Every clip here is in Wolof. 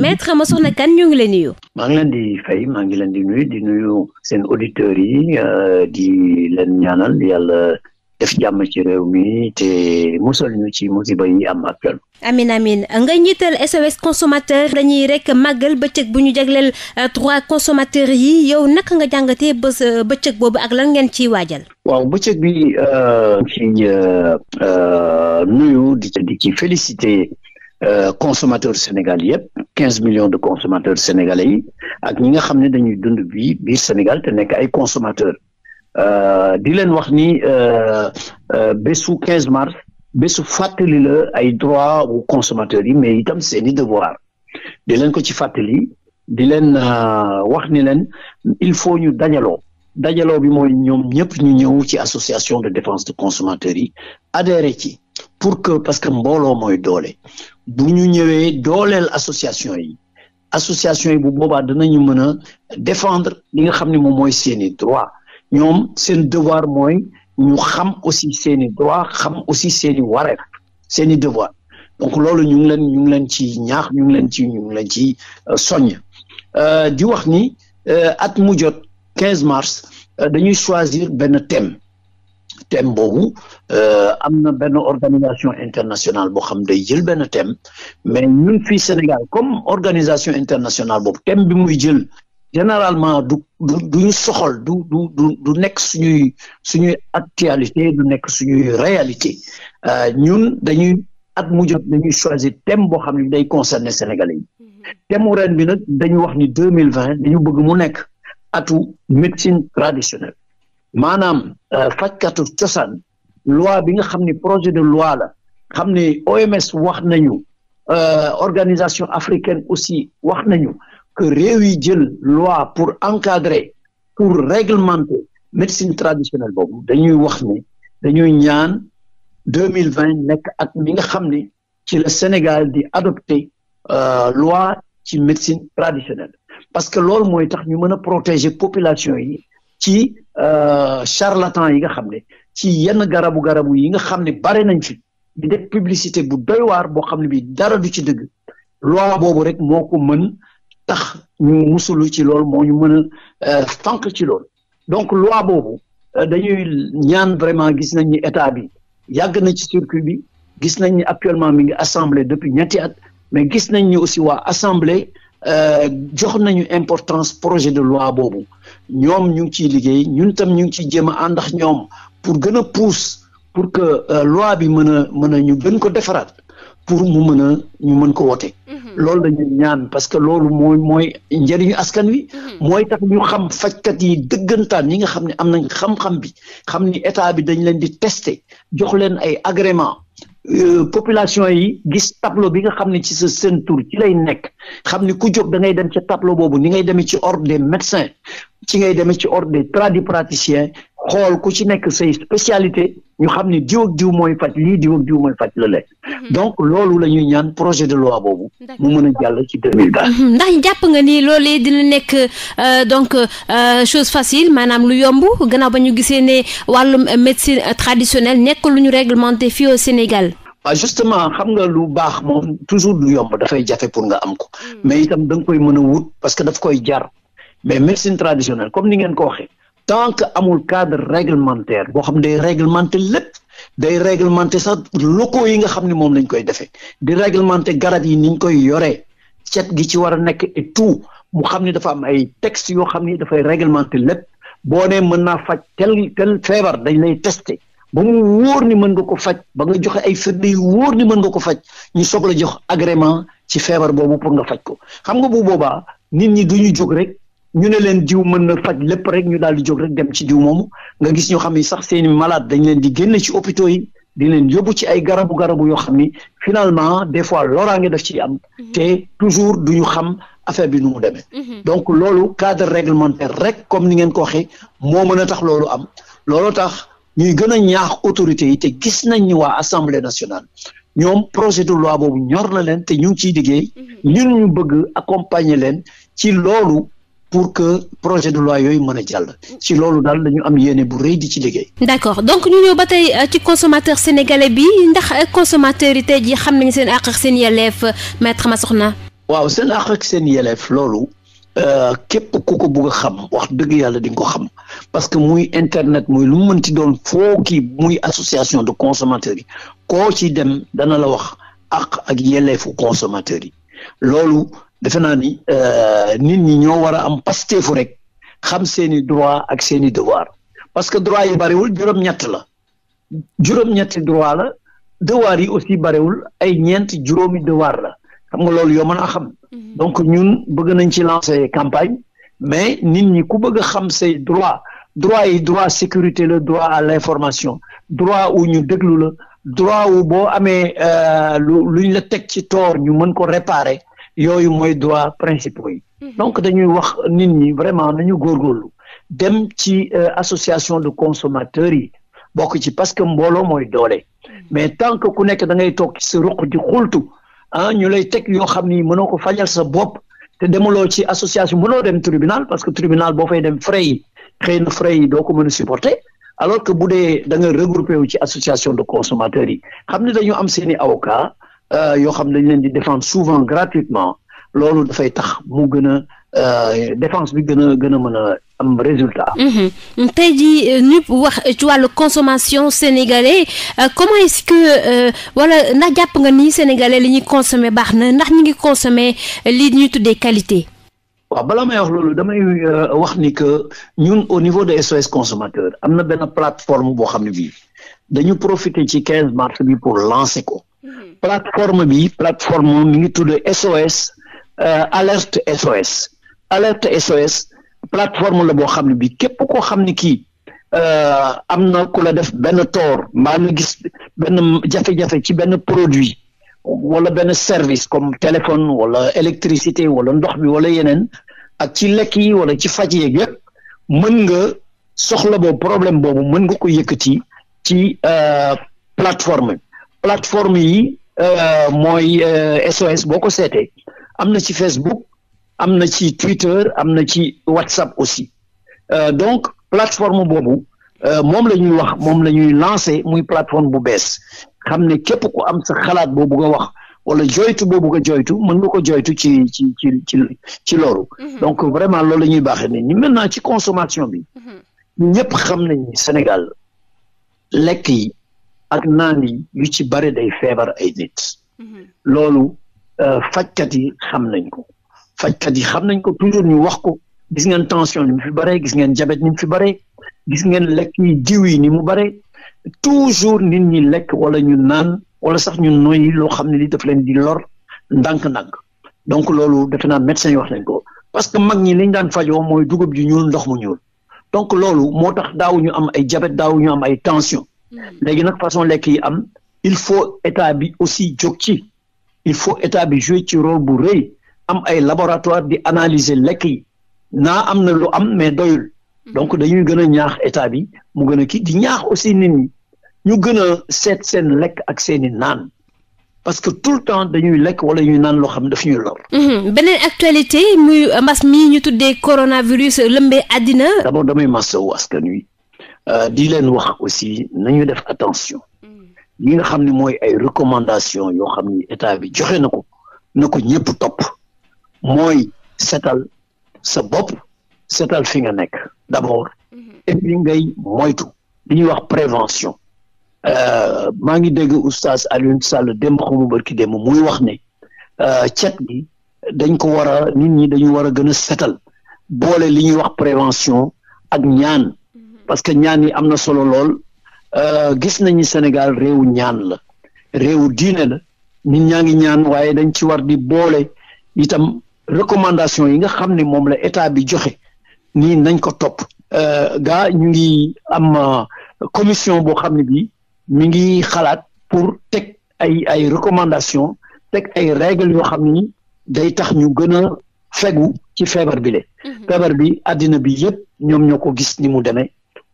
maître Massokhna kan ñu ngi lay nuyu. maa ngi leen di fay maa ngi leen di nuyu di nuyu seen auditeurs yi euh, di leen ñaanal yàlla def jàmm ci réew mi te musal ñu ci musiba yi am ak amin amin nga njiital SOS consommateur dañuy rek màggal bëccëg bu ñu jagleel euh, trois consommateurs yi yow naka nga jàngatee bés euh, bëccëg boobu ak lan ngeen ciy waajal. waaw bëccëg bi ci nuyu di ci félicité Euh, consommateurs sénégal yëpp quinze millions de consommateurs sénégalais yi ak ñi nga xam ne dañuy dund bii biir Sénégal te nekk ay consommateurs euh, di leen wax ni euh, bésu quinze mars béssu fàttali la ay droit wu consommateurs yi mais itam seeni devoir di leen ko ci fàttali di leen wax ni leen il faut ñu dajaloo dajaloo bi mooy ñoom ñëpp ñu ñëw ci association de défense de consommateurs yi adhéré ci pour que parce que mbooloo mooy doole bu ñu ñëwee dooleel association yi association yi bu boobaa danañu mën a défendre li nga xam ne moom mooy seeni droit ñoom seen devoir mooy ñu xam aussi seeni droit xam aussi seeni wareef seeni devoir donc loolu ñu ngi leen ñu ngi leen ci ñaax ñu ngi leen ci ñu ngi leen ci euh, soññ euh, di wax ni euh, at mu jot 15 mars dañuy choisir benn thème thème boobu euh, am na benn organisation internationale boo xam day jël benn thème mais ñun fii Sénégal comme organisation internationale boobu thème bi muy jël généralement du du duñu soxal du du du du nekk suñuy suñuy actualité du nekk suñuy réalité euh, ñun dañuy at mu jot dañuy choisir thème boo xam ne day concerner Sénégalais yi mm-hmm. thème ren bi nag dañu wax ni deux mille vingt dañu bëgg mu nekk atu médecine traditionnelle maanaam euh, fajkatu cosaan loi bi nga xam ni projet de loi la xam ne OMS wax nañu euh, organisation africaine aussi wax nañu que réew yi jël loi pour encadrer pour réglementer médecine traditionnelle boobu dañuy wax ni dañuy ñaan deux mille vingt nekk ak mi nga xam ni ci la Sénégal di adopté euh, loi ci médecine traditionnelle parce que loolu mooy tax ñu mën a protéger population yi ci euh, charlatan yi nga xam ne ci yenn garabu garabu yi nga xam ne bare nañ fi di def publicité bu doy waar boo xam ne bi dara du ci dëgg loi boobu rek moo ko mën tax ñu musulu ci lool moo ñu mën a fànq euh, ci lool donc loi boobu euh, dañuy ñaan vraiment gis nañ ni état bi yàgg na ci circuit bi gis nañ ni actuellement mi ngi assemblée depuis ñetti at mais gis nañ ni aussi waa assemblée jox nañu importance projet de loi boobu ñoom ñu ngi ciy liggéey ñun tam ñu ngi ciy jéem a ànd ak ñoom pour gën a pousse pour que euh, loi bi mën a mën a ñu gën ko defaraat pour mu mën a ñu mën ko wote mhm. loolu la ñaan parce que loolu mooy mooy njëriñu askan wi mhm. mooy tax ñu xam fajkat yi dëggantaan ñi nga xam ne am nañ xam-xam bi xam ni état bi dañ leen di tester jox leen ay agrément euh, population yi gis tableau bi nga xam ne ci sa seen tur ci lay nekk xam ni ku jot da dem ca tableau boobu ni ngay demee ci ordre des médecins ci ngay demee ci ordre des tradipraticiens xool ku ci nekk say spécialité ñu xam ne diw ak diw mooy faj lii diw ak diw mooy faj la lekk mhm. donc loolu la ñuy ñaan projet de loi boobu mu mën a jàll ci deux mille vingt mhm. ndax jàpp nga nii ni loolee dina nekk euh, donc euh, chose facile maanaam lu yomb gannaaw ba ñu gisee ne wàllum médecine traditionnelle nekk lu ñu réglementé fii Sénégal waaw ah, justement xam nga lu baax moom toujours lu yomb dafay jafe pour nga am ko mhm. mais itam da nga koy mën a wut parce que daf koy jar mais médecine traditionnelle comme ni ngeen ko waxee tant que amul cadre réglementaire boo xam day réglementé lépp day réglementé sax locaux yi nga xam ne moom lañ koy defee di garab yi niñ koy yoree cet gi ci war a nekk et tout mu xam ne dafa am ay textes yoo xam ni dafay réglementé lépp boo nee mën naa faj tel tel feebar dañ lay testé ba mu wóor ni mën nga ko faj ba nga joxe ay firnde yu wóor ni mën nga ko faj ñu soog la jox agrément ci feebar boobu pour nga faj ko xam nga bu boobaa nit ñi du ñu jóg rek ñu ne leen jiw mën na faj lépp rek ñu daal di jóg rek dem ci jiw moomu nga gis ñoo xam ni sax seeni malade dañ leen di génne ci hôpitaux yi di leen yóbbu ci ay garabu garabu yoo xam ni finalement des fois loraange daf ciy am. Mhm. te du ñu xam affaire bi nu mu demee. Mhm. donc loolu cadre réglementaire rek comme ni ngeen ko waxee moo mën a tax loolu am looloo tax ñuy gën a ñaax autorités yi te gis nañ ni waa assemblée nationale. ñoom projet de loi boobu ñor na leen te ñu ngi ciy liggéey mhm. ñun ñu bëgg accompagner leen ci loolu pour que projet de loi yooyu mën a jàll ci loolu daal dañu am yéene bu rëy di ci liggéey. d'accord donc ñu ñëw ba tey euh, ci consommateur sénégalais bi ndax euh, consommateur yi tey jii xam nañu seen àq ak seen yelleef euh, maître Massokhna. waaw seen àq ak seen yelleef loolu. képp ku ko bugg a xam wax dëgg yàlla di ko xam parce que muy internet muy lu mu mënti doon foo kii muy association de consommateurs yi koo ci dem dana la wax àq ak yelleefu consommateurs yi loolu defe naa ni euh, nit ñi ñoo war a am pasteefu rek xam seeni droit ak seeni devoir parce que droit yi bariwul juróom-ñett la juróom-ñetti droit la devoir yi aussi bariwul ay ñeent juróomi devoir la xam nga loolu yoo mën a xam mhm. donc ñun bëgg nañ ci lancé campagne mais nit ñi ku bëgg a xam sey droit droit yi droit sécurité la droit à l'information droit wu ñu déglu la droit wu boo amee euh, lu luñ la teg ci tort ñu mën ko réparer yooyu mooy droit principaux yi. Mhm. donc dañuy wax nit ñi vraiment nañu góorlu dem ci euh, association de consommateurs yi bokk ci parce que mbooloo mooy doole mhm. mais tant que ku nekk da ngay toog ci sa ruq di xultu a ah, ñu lay teg yoo xam ni mënoo ko fajal sa bopp te demuloo ci association mënoo dem tribunal parce que tribunal boo fay dem frais yi xëy na frais yi doo ko mën a supporter alors que bu dee da nga regroupé wu ci association de consommateurs yi xam ne dañu am seeni avocat Euh, yoo xam dañ leen di défendre souvent gratuitement loolu dafay tax mu gën a euh, défense bi gën a gën a mën a am résultat. Mm-hmm. tey jii euh, ñu wax ci wàllu consommation sénégalais comment est-ce que wala na jàpp nga ni sénégalais li ñuy consommer baax na ndax ñu ngi consommer li ñuy tuddee qualité. waaw balaa may wax loolu damay wax ni que ñun au niveau de SOS consommateur am na benn plateforme boo xam ne bii dañu profiter ci 15 mars bi pour lancer ko. plateforme bi plateforme mi ngi tudd SOS euh, alerte SOS alerte SOS plateforme la boo xam ne bi képp koo xam ne kii euh, am na ku la def benn toor mbaa nga gis benn jafe-jafe ci benn produit wala benn service comme téléphone wala électricité wala ndox bi wala yeneen ak ci lekk yi wala ci faj yeeg yëpp mën nga soxla boobu problème boobu mën nga ko yëkkati ci euh, plateforme bi plateforme yi euh, mooy SOS euh, boo ko seetee am na ci Facebook am na ci Twitter am na ci WhatsApp aussi euh, donc plateforme boobu moom la ñuy wax moom la ñuy lancer muy plateforme bu bees xam ne képp ku am sax xalaat boobu nga wax wala joytu boobu ga joytu mën nga ko joytu ci ci ci ci ci loolu mhm. donc vraiment loolu la ñuy baaxee nit ñi maintenant ci consomation bi mhm. ñëpp xam nañu Sénégal lekk yi ak naan yi yu ci bare day feebar ay nit mhm. loolu euh, fajkat yi xam nañ ko fajkat yi xam nañ ko toujours ñu wax ko gis ngeen tension ni mu fi bare gis ngeen diabète ni mu fi bare gis ngeen lekk yi diw yi ni mu bare toujours nit ñi lekk wala ñu naan wala sax ñu noyyi loo xam ne li daf leen di lor ndànk-ndànk donc loolu defe naa médecins yi wax nañ ko parce que mag ñi liñ daan fajo mooy dugub ju ñuul ndox mu ñuul donc loolu moo tax daaw am ay diabète daaw ñu am ay tension Mm. léegi nag façon lekk yi am il faut état bi aussi jóg ci il faut état bi jouer ci rôle bu rëy am ay laboratoire di analyser lekk yi naa am na lu am mais doyul mm. donc dañuy gën a ñaax état bi mu gën a kii di ñaax aussi nit ñu gën a seet seen lekk ak seeni naan parce que tout le temps dañuy lekk wala ñuy naan loo xam daf ñuy lor. Mm-hmm. beneen actualité muy mbas mii ñu tuddee coronavirus lëmbee àddina. d'abord damay masawu askan wi Euh, di leen wax aussi nañu def attention li nga xam ne mooy ay recommandation yoo xam ni état bi joxe na ko na ko ñëpp topp mooy setal sa bopp setal fi nga nekk d'abord mhm. et puis ngay moytu li ñuy wax prévention euh, maa ngi dégg oustaz Alioune Sall démb xamu barki démb muy wax ne euh, cet bi dañ ko war a nit ñi dañu war a gën a setal boole li ñuy wax prévention ak ñaan parce que ñaan yi am na solo lool euh, gis nañu Sénégal réewu ñaan la réewu diine la nit ñaa ngi ñaan waaye dañ ci war di boole itam recommandation yi nga xam ne moom la état bi joxe nii nañ ko topp euh, gaa ñu ngi am euh, commission boo xam ne bi mi ngi xalaat pour teg ay ay recommandation teg ay règles yoo xam ni day tax ñu gën a fegu ci feebar bi le mm-hmm. feebar bi àddina bi yëpp ñoom ñoo ko gis ni mu demee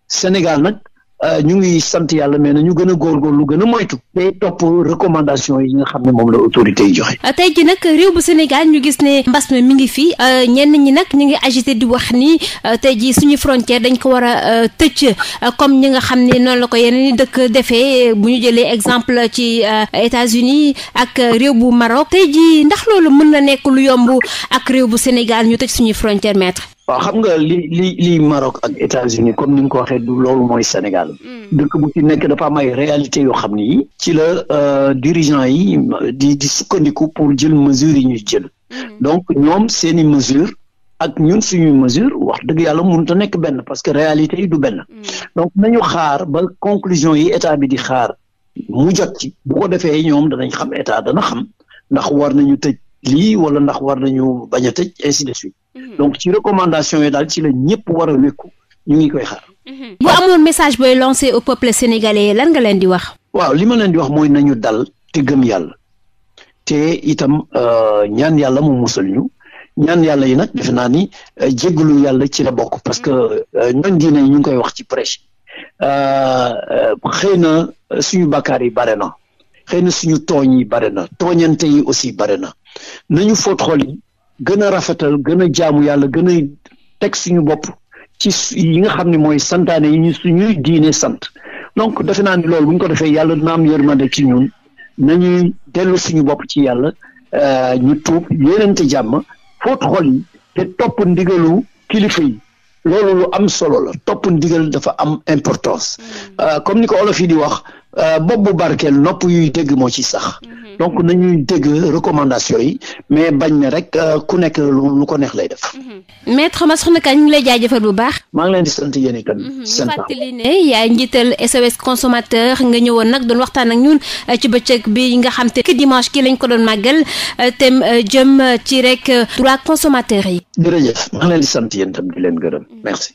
Sénégal nag euh, ñu ngi sant yàlla mais na ñu gën a góorgóorlu gën a moytu. day topp recommandation yi nga xam ne moom la autorité yi joxe. Euh, tey ji nag réew bu Sénégal ñu gis ne mbas mi mi ngi fi euh, ñenn ñi nag ñu ngi agité di wax nii tey ji suñu frontière dañ ko war a tëcc comme ñi nga xam ne noonu la ko yeneen dëkk defee bu ñu jëlee exemple ci États-Unis ak réew bu Maroc. tey ji ndax loolu mën na nekk lu yomb ak réew bu Sénégal ñu tëj suñu frontière maître. waaw xam nga li li li Maroc ak États-Unis comme ni nga ko waxee du loolu mooy Sénégal hmm. dëkk bu ci nekk dafa am réalité yoo xam ni ci la euh, dirigeant yi di di sukkandiku pour jël mesures yi ñuy jël hmm. donc ñoom seeni mesure ak ñun suñuy mesure wax dëgg yàlla mun a nekk benn parce que réalité yi du benn hmm. donc nañu xaar ba conclusion yi état bi di xaar mu jot ci bu ko defee ñoom danañ xam état dana xam ndax war nañu tëj lii wala ndax war nañu bañ a tëj ainsi de suite Mhm. donc ci recommandation yi daal ci la ñëpp war a wékku ñu ngi koy xaar. Mhm. bu amoon message booy lancé au peuple sénégalais lan nga leen di wax. waaw li ma leen di wax mooy nañu dal te gëm yàlla te itam euh, ñaan yàlla mu musal ñu ñaan yàlla yi nag defe naa ni euh, jéggalu yàlla ci la bokk parce que euh, ñoon diine ñu ngi koy wax ci prêche xëy na suñu bakkaar yi bare na xëy na suñu tooñ yi bare na tooñante yi aussi bare na nañu fóot xol gën a rafetal gën a jaamu yàlla gën a teg suñu bopp ci yi nga xam ne mooy santaane yi ñu ñuy diine sant donc defe naa ni loolu bu ñu ko defee yàlla dina am yërmande ci ñun nañuy dellu suñu bopp ci yàlla euh, ñu tuub yéenante jàmm fóot xol yi te topp ndigalu kilifa yi loolu lu am solo la topp ndigal dafa am importance mm. euh, comme ni ko olof yi di wax euh, bopp bu barkeel nopp yuy dégg moo ci sax mm-hmm. donc nañuy dégg recommandation yi mais bañ na rek euh, ku nekk lu ko neex lay def. Mm-hmm. maître Massokhna kaa ñu ngi lay jaajëfal bu baax. maa ngi leen di sant yéen itam. Mm-hmm. sant bu fàttali ne yaay njiital SOS consommateur nga ñëwoon nag doon waxtaan ak ñun euh, ci bëccëg bi nga xam te kii lañ ko doon màggal euh, tem jëm ci rek droit consommateur yi. jërëjëf maa ngi leen di sant yéen itam di leen gërëm mm-hmm. merci.